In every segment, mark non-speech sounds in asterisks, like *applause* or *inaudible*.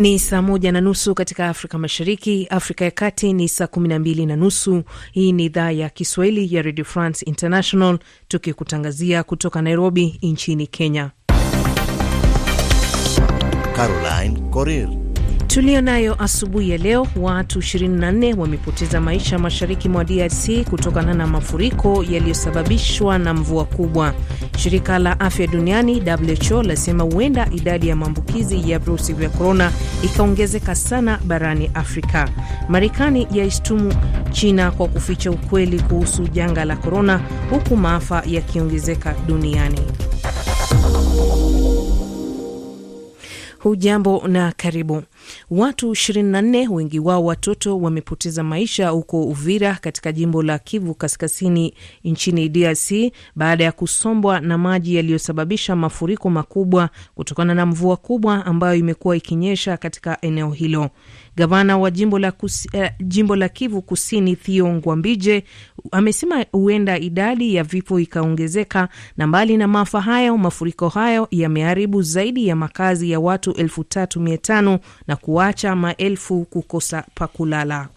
Ni saa moja na nusu katika Afrika Mashariki, Afrika ya Kati ni saa kumi na mbili na nusu. Hii ni idhaa ya Kiswahili ya Radio France International, tukikutangazia kutoka Nairobi nchini Kenya. Caroline Coril tuliyo nayo asubuhi ya leo. Watu 24 wamepoteza maisha mashariki mwa DRC kutokana na mafuriko yaliyosababishwa na mvua kubwa. Shirika la afya duniani WHO lasema huenda idadi ya maambukizi ya virusi vya korona ikaongezeka sana barani Afrika. Marekani yaishtumu China kwa kuficha ukweli kuhusu janga la korona, huku maafa yakiongezeka duniani. Hujambo na karibu. Watu 24 wengi wao watoto wamepoteza maisha huko Uvira katika jimbo la Kivu Kaskazini nchini DRC baada ya kusombwa na maji yaliyosababisha mafuriko makubwa kutokana na mvua kubwa ambayo imekuwa ikinyesha katika eneo hilo. Gavana wa jimbo la, kus, eh, jimbo la Kivu Kusini thio Ngwambije amesema huenda idadi ya vifo ikaongezeka, na mbali na maafa hayo, mafuriko hayo yameharibu zaidi ya makazi ya watu elfu tatu mia tano na kuacha maelfu kukosa kulala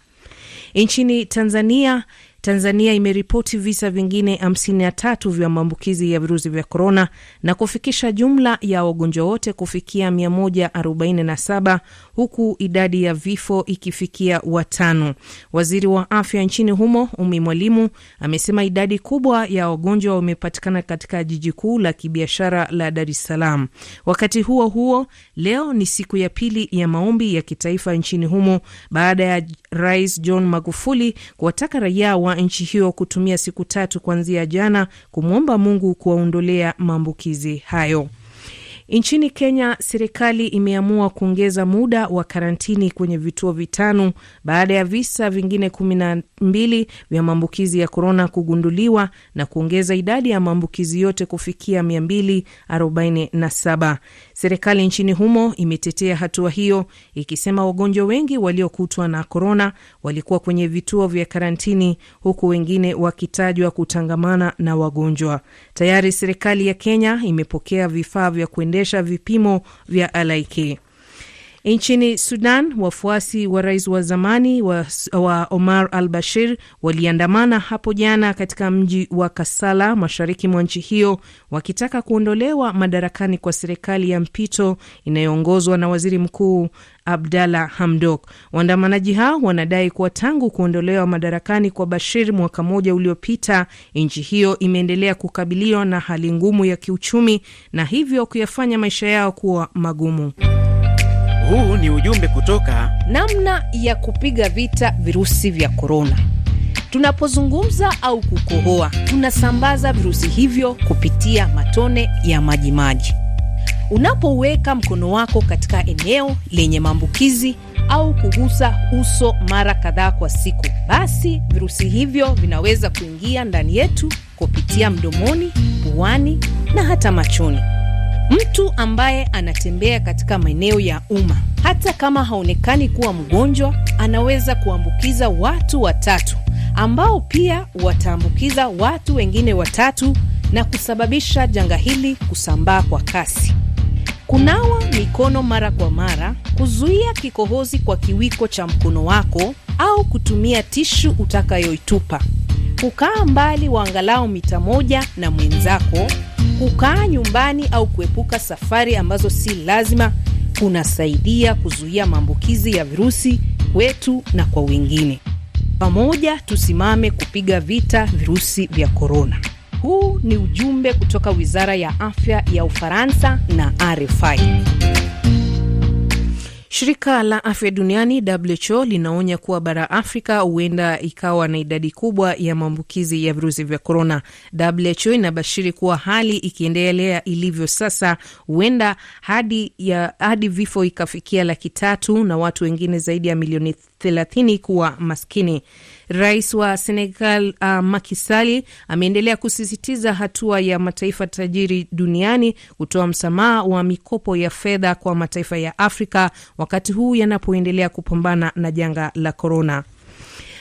Nchini Tanzania, Tanzania imeripoti visa vingine 53 vya maambukizi ya virusi vya korona na kufikisha jumla ya wagonjwa wote kufikia 147 huku idadi ya vifo ikifikia watano. Waziri wa afya nchini humo Umi Mwalimu amesema idadi kubwa ya wagonjwa wamepatikana katika jiji kuu la kibiashara la Dar es Salaam. Wakati huo huo, leo ni siku ya pili ya maombi ya kitaifa nchini humo baada ya Rais John Magufuli kuwataka raia wa nchi hiyo kutumia siku tatu kuanzia jana kumwomba Mungu kuwaondolea maambukizi hayo. Nchini Kenya, serikali imeamua kuongeza muda wa karantini kwenye vituo vitano baada ya visa vingine kumi na mbili vya maambukizi ya korona kugunduliwa na kuongeza idadi ya maambukizi yote kufikia 247. Serikali nchini humo imetetea hatua hiyo ikisema wagonjwa wengi waliokutwa na korona walikuwa kwenye vituo vya karantini, huku wengine wakitajwa kutangamana na wagonjwa. Tayari serikali ya Kenya imepokea vifaa vya kuendesha kuendesha vipimo vya alaiki. Nchini Sudan, wafuasi wa rais wa zamani wa, wa Omar al Bashir waliandamana hapo jana katika mji wa Kasala, mashariki mwa nchi hiyo, wakitaka kuondolewa madarakani kwa serikali ya mpito inayoongozwa na waziri mkuu Abdalla Hamdok. Waandamanaji hao wanadai kuwa tangu kuondolewa madarakani kwa Bashir mwaka mmoja uliopita, nchi hiyo imeendelea kukabiliwa na hali ngumu ya kiuchumi na hivyo kuyafanya maisha yao kuwa magumu. Huu ni ujumbe kutoka namna ya kupiga vita virusi vya korona. Tunapozungumza au kukohoa, tunasambaza virusi hivyo kupitia matone ya majimaji. Unapoweka mkono wako katika eneo lenye maambukizi au kugusa uso mara kadhaa kwa siku, basi virusi hivyo vinaweza kuingia ndani yetu kupitia mdomoni, puani na hata machoni. Mtu ambaye anatembea katika maeneo ya umma, hata kama haonekani kuwa mgonjwa, anaweza kuambukiza watu watatu ambao pia wataambukiza watu wengine watatu na kusababisha janga hili kusambaa kwa kasi. Kunawa mikono mara kwa mara, kuzuia kikohozi kwa kiwiko cha mkono wako au kutumia tishu utakayoitupa, kukaa mbali wa angalau mita moja na mwenzako Kukaa nyumbani au kuepuka safari ambazo si lazima kunasaidia kuzuia maambukizi ya virusi kwetu na kwa wengine. Pamoja tusimame kupiga vita virusi vya korona. Huu ni ujumbe kutoka Wizara ya Afya ya Ufaransa na RFI. Shirika la afya duniani WHO linaonya kuwa bara Afrika huenda ikawa na idadi kubwa ya maambukizi ya virusi vya korona. WHO inabashiri kuwa hali ikiendelea ilivyo sasa, huenda hadi ya hadi vifo ikafikia laki tatu na watu wengine zaidi ya milioni thelathini kuwa maskini. Rais wa Senegal uh, Macky Sall ameendelea kusisitiza hatua ya mataifa tajiri duniani kutoa msamaha wa mikopo ya fedha kwa mataifa ya Afrika wakati huu yanapoendelea kupambana na janga la korona.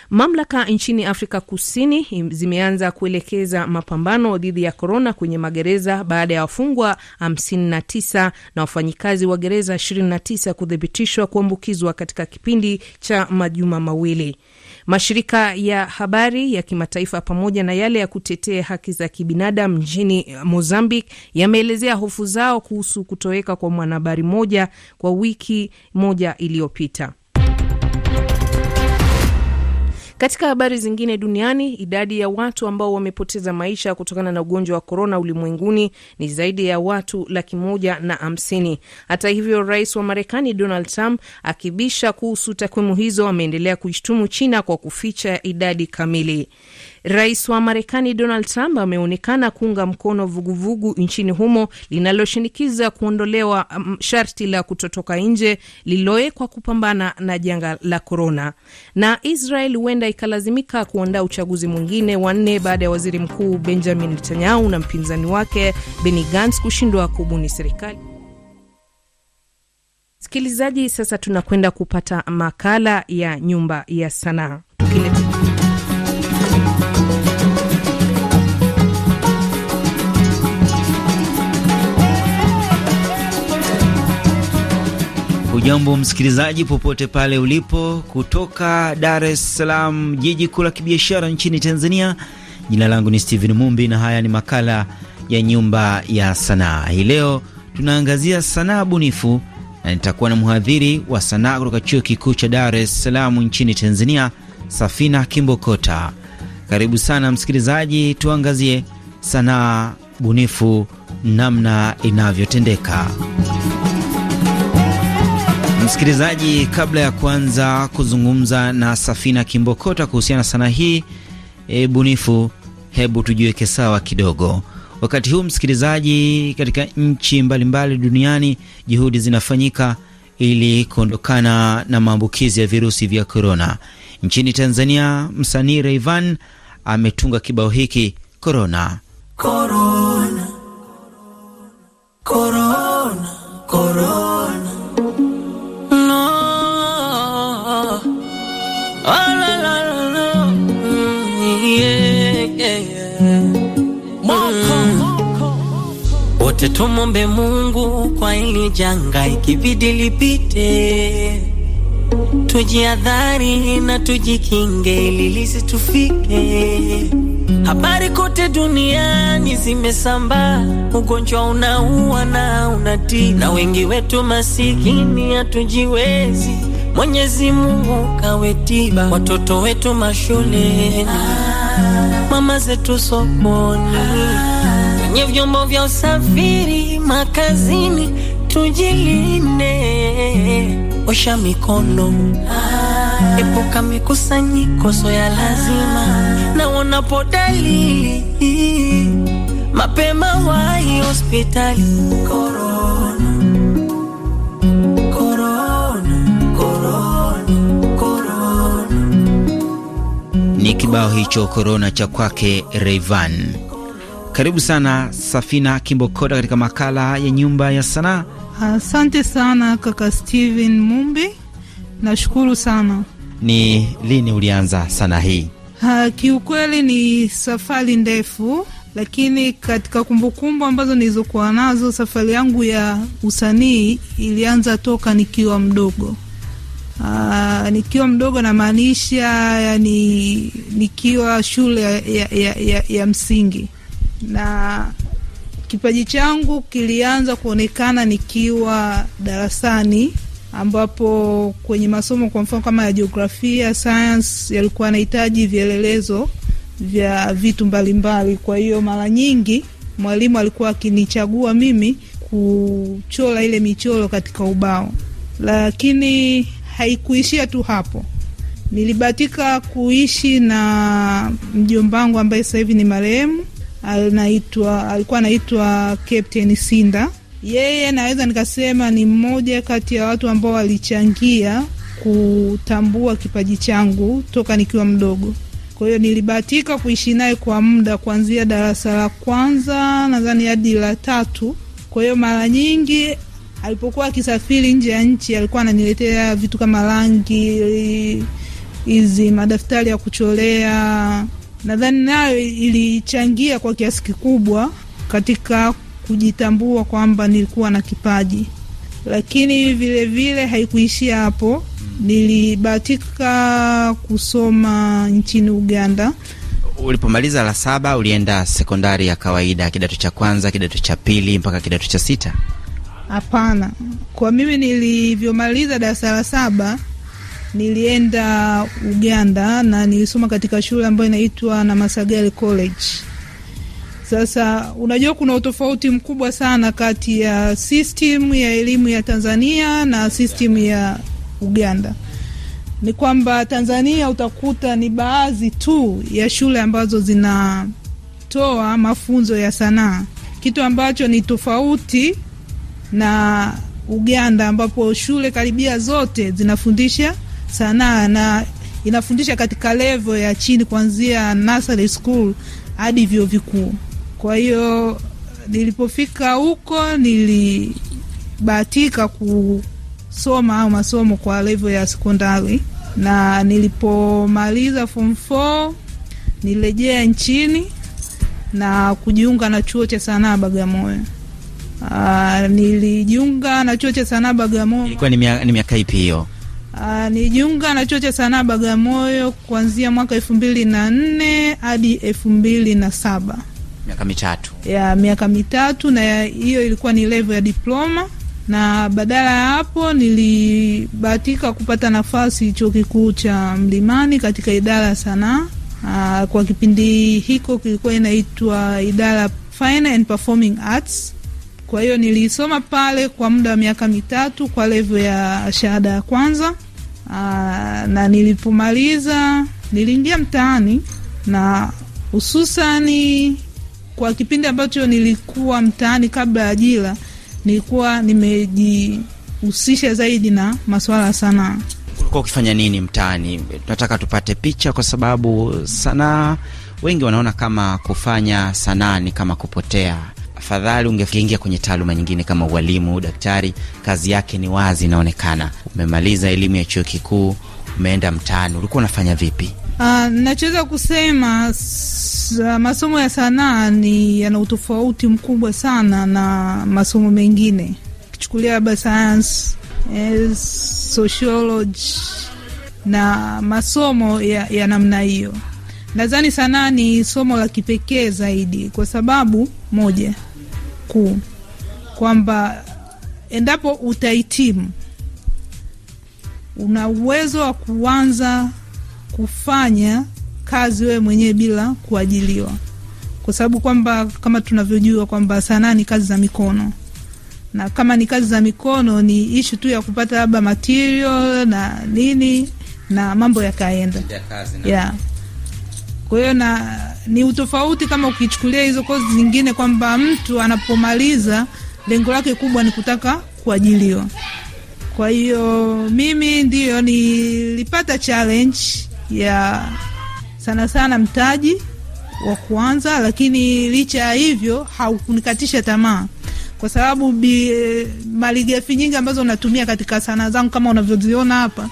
Mamlaka nchini Afrika Kusini zimeanza kuelekeza mapambano dhidi ya korona kwenye magereza baada ya wafungwa 59 na wafanyikazi wa gereza 29 kuthibitishwa kuambukizwa katika kipindi cha majuma mawili. Mashirika ya habari ya kimataifa pamoja na yale ya kutetea haki za kibinadamu nchini Mozambique yameelezea hofu zao kuhusu kutoweka kwa mwanahabari moja kwa wiki moja iliyopita. Katika habari zingine duniani, idadi ya watu ambao wamepoteza maisha kutokana na ugonjwa wa korona ulimwenguni ni zaidi ya watu laki moja na hamsini. Hata hivyo, rais wa Marekani Donald Trump akibisha kuhusu takwimu hizo, ameendelea kuishtumu China kwa kuficha idadi kamili. Rais wa Marekani Donald Trump ameonekana kuunga mkono vuguvugu vugu nchini humo linaloshinikiza kuondolewa um, sharti la kutotoka nje lililowekwa kupambana na janga la korona. Na Israel huenda ikalazimika kuandaa uchaguzi mwingine wa nne baada ya waziri mkuu Benjamin Netanyahu na mpinzani wake Benny Gantz kushindwa kubuni serikali. Msikilizaji, sasa tunakwenda kupata makala ya nyumba ya sanaa. Ujambo msikilizaji, popote pale ulipo, kutoka Dar es Salaam, jiji kuu la kibiashara nchini Tanzania. Jina langu ni Steven Mumbi na haya ni makala ya Nyumba ya Sanaa. Hii leo tunaangazia sanaa bunifu na nitakuwa na mhadhiri wa sanaa kutoka Chuo Kikuu cha Dar es Salaam nchini Tanzania, Safina Kimbokota. Karibu sana msikilizaji, tuangazie sanaa bunifu namna inavyotendeka. Msikilizaji, kabla ya kuanza kuzungumza na Safina Kimbokota kuhusiana na sanaa hii e, bunifu, hebu tujiweke sawa kidogo. Wakati huu msikilizaji, katika nchi mbalimbali duniani juhudi zinafanyika ili kuondokana na maambukizi ya virusi vya korona. Nchini Tanzania, msanii Rayvan ametunga kibao hiki korona, korona, korona, korona. Wote tumombe Mungu kwa ili janga, ikibidi lipite, tujiadhari na tujikinge ili lisitufike. Habari kote duniani zimesambaa, ugonjwa unaua na unati na wengi wetu masikini hatujiwezi. Mwenyezi Mungu kawe tiba, watoto wetu mashule, mama zetu sokoni kwenye vyombo vya usafiri, makazini, tujiline osha mikono, ah. epuka mikusanyiko sio ya lazima, ah. na wanapo dalili mapema wahi hospitali. korona. Ni kibao hicho Korona cha kwake Rayvanny. Karibu sana Safina Kimbokoda katika makala ya Nyumba ya Sanaa. Asante sana kaka Steven Mumbi, nashukuru sana. Ni lini ulianza sanaa hii? Ha, kiukweli ni safari ndefu, lakini katika kumbukumbu ambazo nilizokuwa nazo, safari yangu ya usanii ilianza toka nikiwa mdogo. Aa, nikiwa mdogo namaanisha yani nikiwa shule ya, ya, ya, ya msingi na kipaji changu kilianza kuonekana nikiwa darasani ambapo kwenye masomo kwa mfano kama ya jiografia, sayansi yalikuwa yanahitaji vielelezo vya vitu mbalimbali Kwa hiyo mara nyingi mwalimu alikuwa akinichagua mimi kuchora ile michoro katika ubao, lakini haikuishia tu hapo. Nilibahatika kuishi na mjombangu ambaye sasa hivi ni marehemu anaitwa alikuwa anaitwa Captain Sinda. Yeye naweza nikasema ni mmoja kati ya watu ambao walichangia kutambua kipaji changu toka nikiwa mdogo. Kwa hiyo nilibahatika kuishi naye kwa muda kuanzia darasa la kwanza nadhani hadi la tatu. Kwa hiyo mara nyingi alipokuwa akisafiri nje ya nchi alikuwa ananiletea vitu kama rangi hizi, madaftari ya kucholea nadhani nayo ilichangia kwa kiasi kikubwa katika kujitambua kwamba nilikuwa na kipaji, lakini vilevile vile haikuishia hapo. Nilibahatika kusoma nchini Uganda. Ulipomaliza la saba ulienda sekondari ya kawaida, kidato cha kwanza, kidato cha pili mpaka kidato cha sita? Hapana, kwa mimi nilivyomaliza darasa la saba nilienda Uganda na nilisoma katika shule ambayo inaitwa Namasagale College. Sasa unajua kuna utofauti mkubwa sana kati ya system ya elimu ya Tanzania na system ya Uganda. Ni kwamba Tanzania utakuta ni baadhi tu ya shule ambazo zinatoa mafunzo ya sanaa, kitu ambacho ni tofauti na Uganda ambapo shule karibia zote zinafundisha sanaa na inafundisha katika levo ya chini kuanzia nursery school hadi vyuo vikuu. Kwa hiyo nilipofika huko nilibahatika kusoma au masomo kwa levo ya sekondari, na nilipomaliza form 4 nilirejea nchini na kujiunga na chuo cha sanaa Bagamoyo. Aa, ah, nilijiunga na chuo cha sanaa Bagamoyo. Ilikuwa ni miaka ipi hiyo? Ah, nijiunga na chuo cha sanaa Bagamoyo kuanzia mwaka elfu mbili na nne hadi elfu mbili na saba miaka mitatu ya miaka mitatu, na hiyo ilikuwa ni level ya diploma, na badala ya hapo nilibahatika kupata nafasi chuo kikuu cha Mlimani katika idara ya sanaa. Ah, kwa kipindi hiko kilikuwa inaitwa idara Fine and Performing Arts. Kwa hiyo nilisoma pale kwa muda wa miaka mitatu kwa level ya shahada ya kwanza, na nilipomaliza niliingia mtaani na hususani kwa kipindi ambacho nilikuwa mtaani kabla ya ajira, nilikuwa nimejihusisha zaidi na masuala ya sanaa. Ulikuwa ukifanya nini mtaani? Tunataka tupate picha, kwa sababu sanaa wengi wanaona kama kufanya sanaa ni kama kupotea afadhali ungeingia kwenye taaluma nyingine kama ualimu, udaktari. Kazi yake ni wazi, inaonekana. Umemaliza elimu ya chuo kikuu, umeenda mtaani, ulikuwa unafanya vipi? Uh, ah, nachoweza kusema masomo ya sanaa ni yana utofauti mkubwa sana na masomo mengine, kichukulia labda sayansi, eh, sociology na masomo ya, ya namna hiyo. Nadhani sanaa ni somo la kipekee zaidi kwa sababu moja, mkuu kwamba endapo utahitimu una uwezo wa kuanza kufanya kazi wewe mwenyewe bila kuajiliwa, kwa sababu kwamba kama tunavyojua kwamba sanaa ni kazi za mikono, na kama ni kazi za mikono ni ishu tu ya kupata labda material na nini na mambo yakaenda ya. Kwa hiyo na ni utofauti kama ukichukulia hizo kozi zingine, kwamba mtu anapomaliza lengo lake kubwa ni kutaka kuajiliwa. Kwa hiyo mimi ndiyo nilipata challenge ya sana sana mtaji wa kuanza, lakini licha ya hivyo haukunikatisha tamaa, kwa sababu malighafi nyingi ambazo natumia katika sanaa zangu kama unavyoziona hapa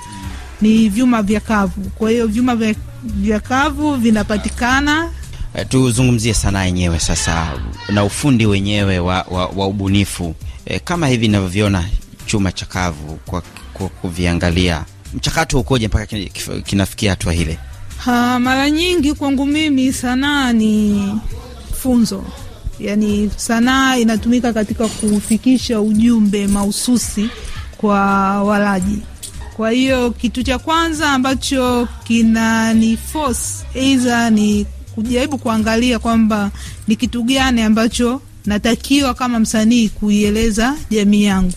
ni vyuma vya kavu. Kwa hiyo vyuma vya kavu vinapatikana Eh, tuzungumzie sanaa yenyewe sasa na ufundi wenyewe wa, wa, wa ubunifu e, kama hivi ninavyoviona chuma chakavu kwa, kwa kuviangalia mchakato ukoje mpaka kinafikia hatua hile Ha, mara nyingi kwangu mimi sanaa ni funzo, yani sanaa inatumika katika kufikisha ujumbe mahususi kwa walaji. Kwa hiyo kitu cha kwanza ambacho ni force eidha ni kujaribu kuangalia kwamba ni kitu gani ambacho natakiwa kama msanii kuieleza jamii yangu.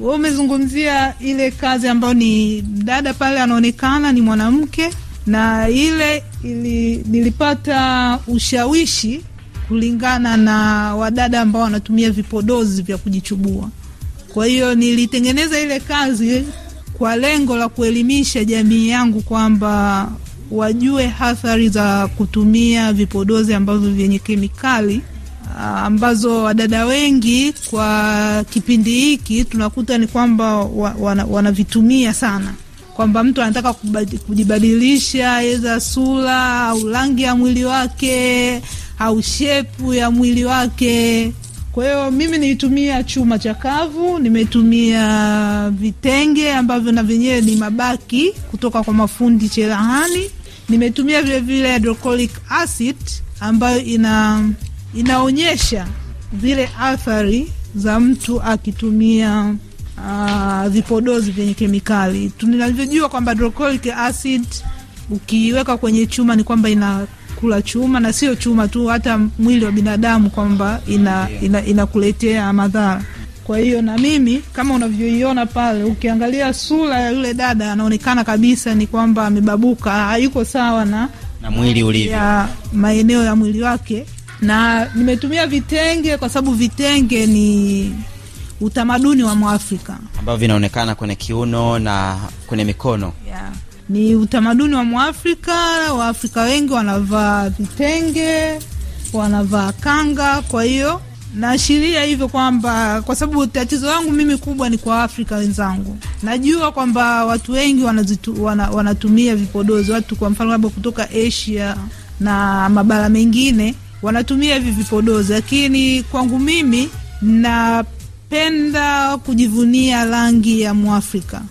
Wewe umezungumzia ile kazi ambayo ni dada pale anaonekana ni mwanamke, na ile ili, nilipata ushawishi kulingana na wadada ambao wanatumia vipodozi vya kujichubua. Kwa hiyo nilitengeneza ile kazi kwa lengo la kuelimisha jamii yangu kwamba wajue athari za kutumia vipodozi ambavyo vyenye kemikali ah, ambazo wadada wengi kwa kipindi hiki tunakuta ni kwamba wanavitumia wana sana, kwamba mtu anataka kujibadilisha eza sura au rangi ya mwili wake au shepu ya mwili wake. Kwa hiyo mimi nilitumia chuma chakavu, nimetumia vitenge ambavyo na vyenyewe ni mabaki kutoka kwa mafundi cherehani Nimetumia vilevile hydrochloric acid ambayo ina inaonyesha zile athari za mtu akitumia uh, vipodozi vyenye kemikali. Tunavyojua kwamba hydrochloric acid ukiweka kwenye chuma ni kwamba inakula chuma, na sio chuma tu, hata mwili wa binadamu kwamba inakuletea ina, ina madhara. Kwa hiyo na mimi kama unavyoiona pale, ukiangalia sura ya yule dada anaonekana kabisa ni kwamba amebabuka, hayuko sawa na na mwili ulivyo, ya maeneo ya mwili wake, na nimetumia vitenge kwa sababu vitenge ni utamaduni wa Mwafrika ambavyo vinaonekana kwenye kiuno na kwenye mikono yeah. Ni utamaduni wa Mwafrika. Waafrika wengi wanavaa vitenge, wanavaa kanga, kwa hiyo naashiria hivyo kwamba kwa sababu tatizo langu mimi kubwa ni kwa Afrika wenzangu. Najua kwamba watu wengi wanazitu, wana, wanatumia vipodozi watu, kwa mfano labda kutoka Asia na mabara mengine wanatumia hivi vipodozi, lakini kwangu mimi napenda kujivunia rangi ya Mwafrika.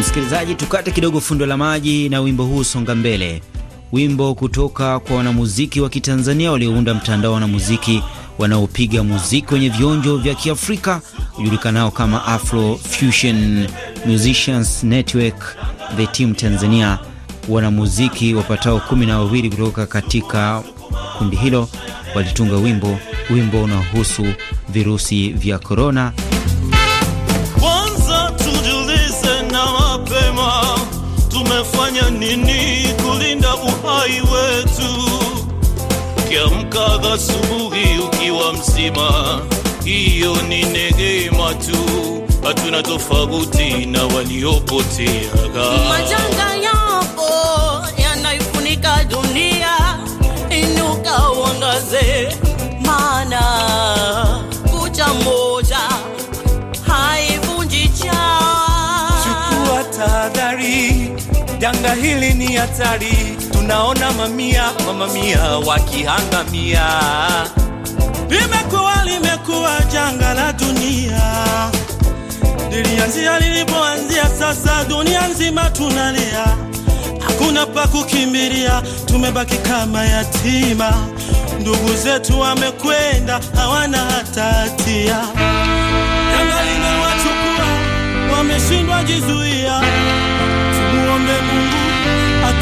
Msikilizaji, tukate kidogo fundo la maji na wimbo huu songa mbele, wimbo kutoka kwa wanamuziki wa Kitanzania waliounda mtandao wa wanamuziki wanaopiga muziki wenye vionjo vya Kiafrika ujulikanao kama Afro Fusion Musicians Network. The Team Tanzania, wanamuziki wapatao kumi na wawili kutoka katika kundi hilo walitunga wimbo. Wimbo unaohusu virusi vya korona kadha asubuhi ukiwa mzima, hiyo ni neema tu, hatuna tofauti na waliopoteaga. Majanga yapo yanaifunika dunia, inuka uangaze, maana kucha moja haivunji chawa. Chukua tahadhari, janga hili ni hatari unaona mamia kwa wakihangamia. Limekuwa limekuwa janga la dunia, lilianzia lilipoanzia, sasa dunia nzima tunalia, hakuna pa kukimbilia, tumebaki kama yatima. Ndugu zetu wamekwenda, hawana hata hatia, janga limewachukua, wameshindwa jizuia. Tumuombe Mungu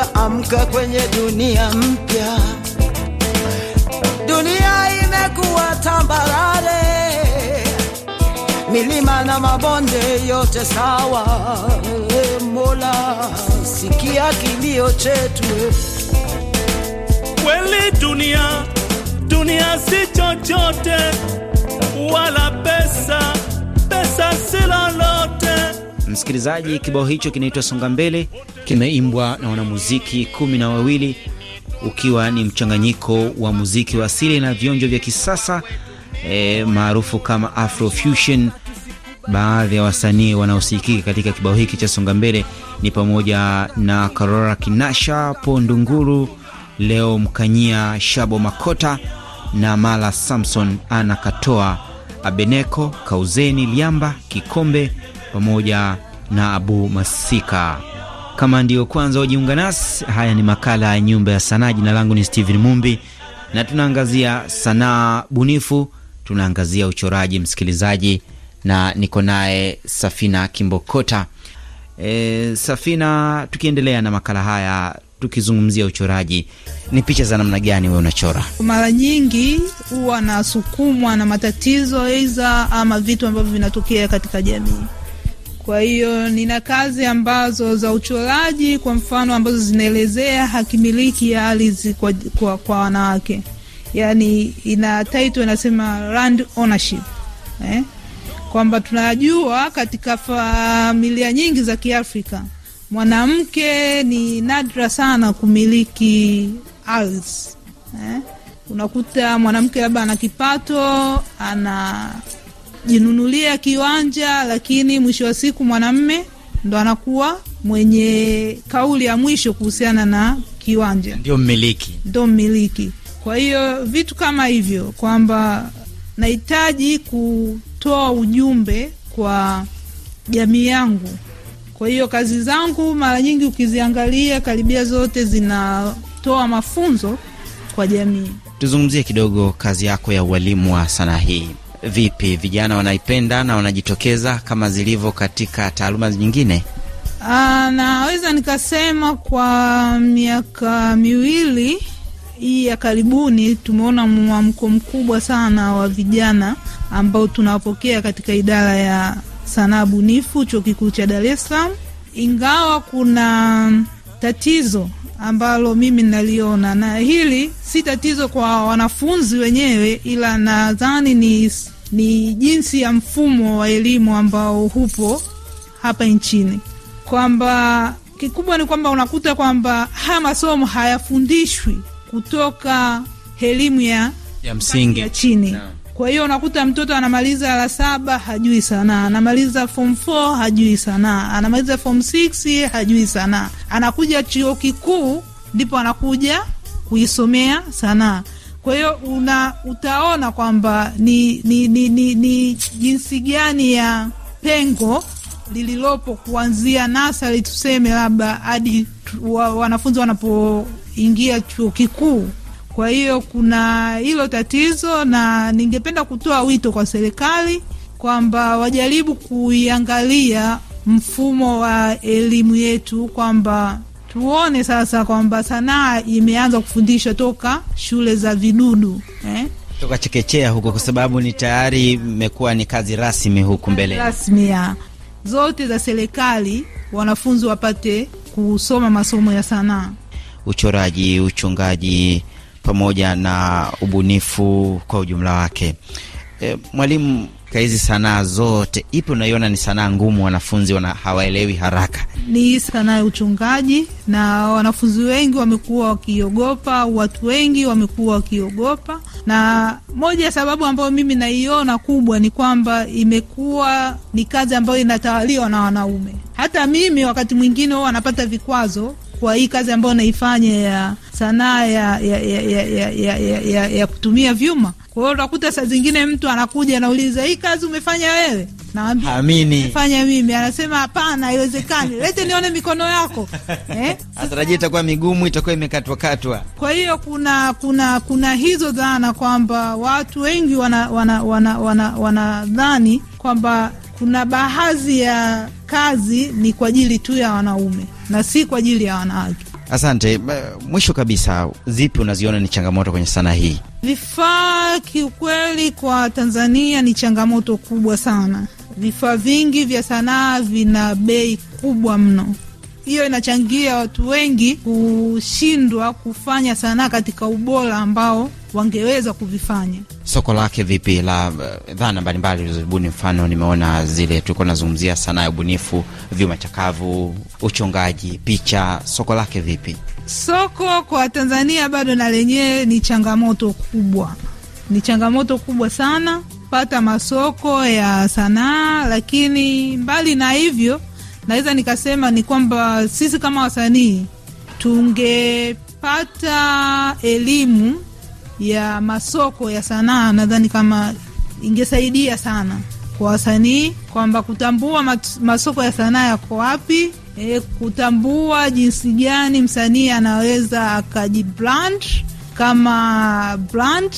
amka, amka kwenye dunia mpya. Dunia imekuwa tambarare, milima na mabonde yote sawa. E, Mola, sikia kilio chetu. Kweli dunia, dunia si chochote, wala pesa, pesa si lolote Msikilizaji, kibao hicho kinaitwa Songa Mbele, kimeimbwa na wanamuziki kumi na wawili ukiwa ni mchanganyiko wa muziki wa asili na vionjo vya kisasa e, maarufu kama Afrofusion. Baadhi ya wasanii wanaosikika katika kibao hiki cha Songa Mbele ni pamoja na Karora Kinasha, pondunguru Leo Mkanyia, Shabo Makota na Mala Samson, Ana Katoa, Abeneko, Kauzeni Liamba, Kikombe pamoja na Abu Masika. Kama ndiyo kwanza wajiunga nasi, haya ni makala ya Nyumba ya Sanaa. Jina langu ni Steven Mumbi na tunaangazia sanaa bunifu, tunaangazia uchoraji, msikilizaji, na niko naye Safina Kimbokota. E, Safina, tukiendelea na makala haya tukizungumzia uchoraji, ni picha za namna gani wewe unachora? Mara nyingi huwa nasukumwa na matatizo aidha ama vitu ambavyo vinatokea katika jamii kwa hiyo nina kazi ambazo za uchoraji kwa mfano ambazo zinaelezea hakimiliki ya ardhi kwa, kwa, kwa wanawake, yaani ina title inasema land ownership eh? kwamba tunajua katika familia nyingi za Kiafrika mwanamke ni nadra sana kumiliki ardhi eh? Unakuta mwanamke labda ana kipato ana jinunulia kiwanja, lakini mwisho wa siku mwanamme ndo anakuwa mwenye kauli ya mwisho kuhusiana na kiwanja, ndio mmiliki, ndio mmiliki. Kwa hiyo vitu kama hivyo kwamba nahitaji kutoa ujumbe kwa jamii yangu. Kwa hiyo kazi zangu mara nyingi ukiziangalia, karibia zote zinatoa mafunzo kwa jamii. Tuzungumzie kidogo kazi yako ya ualimu wa sanaa hii vipi? Vijana wanaipenda na wanajitokeza kama zilivyo katika taaluma nyingine? Ah, naweza nikasema kwa miaka miwili hii ya karibuni tumeona mwamko mkubwa sana wa vijana ambao tunawapokea katika idara ya sanaa bunifu Chuo Kikuu cha Dar es Salaam, ingawa kuna tatizo ambalo mimi naliona, na hili si tatizo kwa wanafunzi wenyewe, ila nadhani ni ni jinsi ya mfumo wa elimu ambao hupo hapa nchini, kwamba kikubwa ni kwamba unakuta kwamba haya masomo hayafundishwi kutoka elimu ya, ya msingi ya chini no. Kwa hiyo unakuta mtoto anamaliza la saba hajui sanaa, anamaliza form 4 hajui sanaa, anamaliza form 6 hajui sanaa, anakuja chuo kikuu ndipo anakuja kuisomea sanaa. Kwa hiyo una utaona kwamba ni, ni, ni, ni, ni jinsi gani ya pengo lililopo kuanzia nasari tuseme labda hadi wa, wanafunzi wanapoingia chuo kikuu. Kwa hiyo kuna hilo tatizo, na ningependa kutoa wito kwa serikali kwamba wajaribu kuiangalia mfumo wa elimu yetu kwamba tuone sasa kwamba sanaa imeanza kufundishwa toka shule za vidudu eh? toka chekechea huko, kwa sababu ni tayari imekuwa ni kazi rasmi huku mbele rasmi ya zote za serikali, wanafunzi wapate kusoma masomo ya sanaa, uchoraji, uchungaji pamoja na ubunifu kwa ujumla wake. E, mwalimu katika hizi sanaa zote, ipi unaiona ni sanaa ngumu, wanafunzi wana hawaelewi haraka? Ni sanaa ya uchungaji, na wanafunzi wengi wamekuwa wakiogopa watu wengi wamekuwa wakiogopa, na moja ya sababu ambayo mimi naiona kubwa ni kwamba imekuwa ni kazi ambayo inatawaliwa na wanaume. Hata mimi wakati mwingine wao wanapata vikwazo kwa hii kazi ambayo naifanya ya sanaa ya, ya, ya, ya, ya, ya, ya, ya kutumia vyuma. Kwa hiyo utakuta saa zingine mtu anakuja anauliza hii kazi umefanya wewe? Naambia fanya mimi. Anasema hapana, haiwezekani, lete nione mikono yako *laughs* eh? Atarajia itakuwa migumu, itakuwa imekatwakatwa. Kwa hiyo kuna kuna kuna hizo dhana kwamba watu wengi wanadhani wana, wana, wana, wana kwamba kuna baadhi ya kazi ni kwa ajili tu ya wanaume na si kwa ajili ya wanawake. Asante. Mwisho kabisa, zipi unaziona ni changamoto kwenye sanaa hii? Vifaa kiukweli, kwa Tanzania ni changamoto kubwa sana. Vifaa vingi vya sanaa vina bei kubwa mno hiyo inachangia watu wengi kushindwa kufanya sanaa katika ubora ambao wangeweza kuvifanya. Soko lake vipi la uh, dhana mbalimbali ulizobuni? Mfano, nimeona zile tulikuwa tunazungumzia sanaa ya ubunifu, vyuma chakavu, uchongaji, picha. Soko lake vipi? Soko kwa Tanzania bado na lenyewe ni changamoto kubwa, ni changamoto kubwa sana pata masoko ya sanaa, lakini mbali na hivyo naweza nikasema ni kwamba sisi kama wasanii tungepata elimu ya masoko ya sanaa, nadhani kama ingesaidia sana kwa wasanii kwamba kutambua masoko ya sanaa yako wapi, e, kutambua jinsi gani msanii anaweza akajibrand kama brand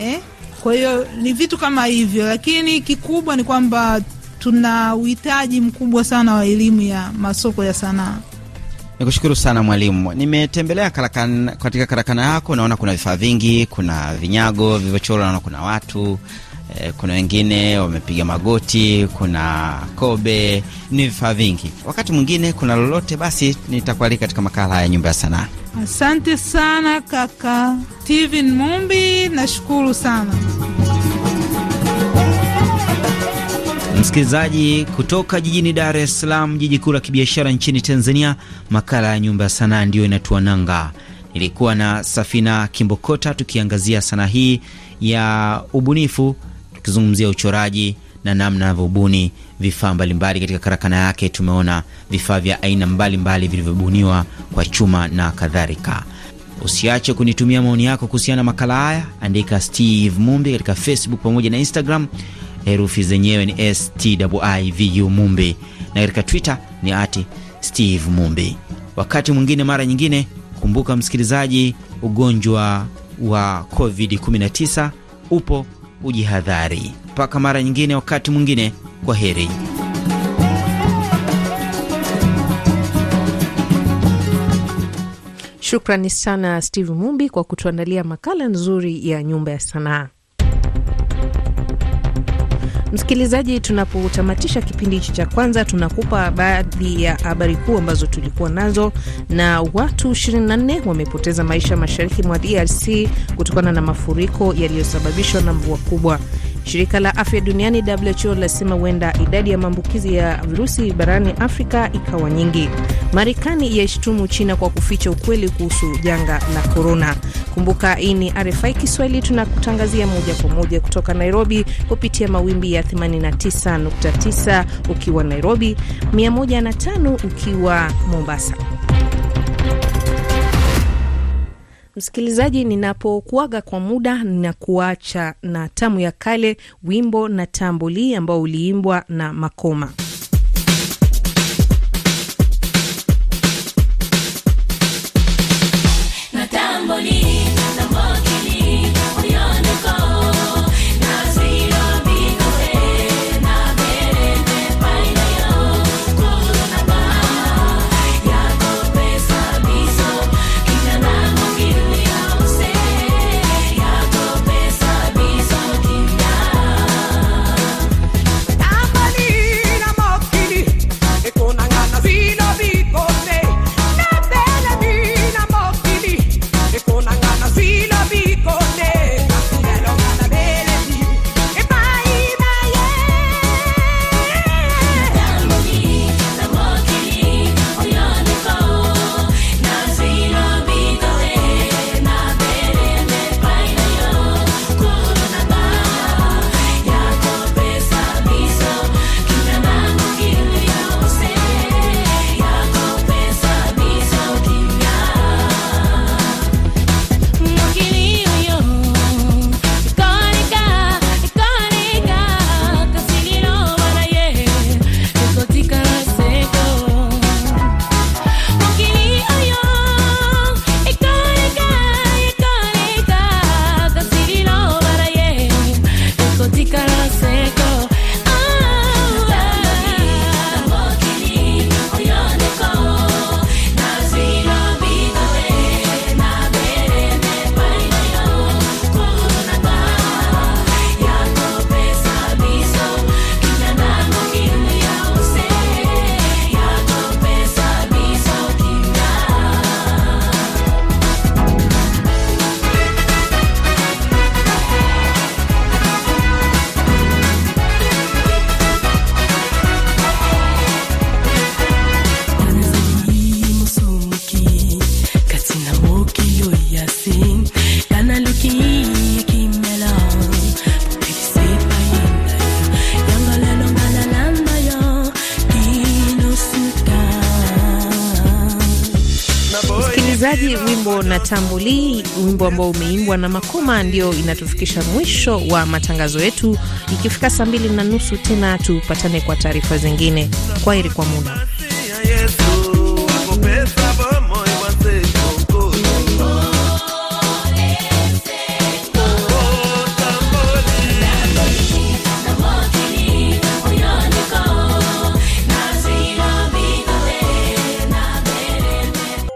e. Kwa hiyo ni vitu kama hivyo, lakini kikubwa ni kwamba tuna uhitaji mkubwa sana wa elimu ya masoko ya sanaa. Nikushukuru sana mwalimu. Nimetembelea katika karakana yako naona kuna vifaa vingi, kuna vinyago vilivyochorwa, naona kuna watu eh, kuna wengine wamepiga magoti, kuna kobe, ni vifaa vingi. Wakati mwingine kuna lolote, basi nitakualika katika makala ya Nyumba ya Sanaa. Asante sana kaka Steven Mumbi, nashukuru sana. Msikilizaji kutoka jijini Dar es Salaam, jiji kuu la kibiashara nchini Tanzania. Makala ya Nyumba ya Sanaa ndiyo inatuananga. Nilikuwa na Safina Kimbokota tukiangazia sanaa hii ya ubunifu, tukizungumzia uchoraji na namna anavyobuni vifaa mbalimbali katika karakana yake. Tumeona vifaa vya aina mbalimbali vilivyobuniwa kwa chuma na kadhalika. Usiache kunitumia maoni yako kuhusiana na makala haya, andika Steve Mumbi katika Facebook pamoja na Instagram herufi zenyewe ni stwivu Mumbi, na katika Twitter ni ati Steve Mumbi. Wakati mwingine, mara nyingine, kumbuka msikilizaji, ugonjwa wa COVID-19 upo, ujihadhari. Mpaka mara nyingine, wakati mwingine, kwa heri. Shukrani sana Steve Mumbi kwa kutuandalia makala nzuri ya Nyumba ya Sanaa. Msikilizaji, tunapotamatisha kipindi hichi cha kwanza, tunakupa baadhi ya habari kuu ambazo tulikuwa nazo. Na watu 24 wamepoteza maisha mashariki mwa DRC kutokana na mafuriko yaliyosababishwa na mvua kubwa. Shirika la afya duniani WHO lasema huenda idadi ya maambukizi ya virusi barani Afrika ikawa nyingi. Marekani yaishtumu China kwa kuficha ukweli kuhusu janga la korona. Kumbuka, hii ni RFI Kiswahili, tunakutangazia moja kwa moja kutoka Nairobi kupitia mawimbi ya 89.9 ukiwa Nairobi, 105 ukiwa Mombasa. Msikilizaji, ninapokuaga kwa muda na kuacha na tamu ya kale, wimbo na tambuli ambao uliimbwa na Makoma. Tambuli, wimbo ambao umeimbwa na Makoma, ndio inatufikisha mwisho wa matangazo yetu. Ikifika saa mbili na nusu tena tupatane kwa taarifa zingine. Kwaheri kwa muda.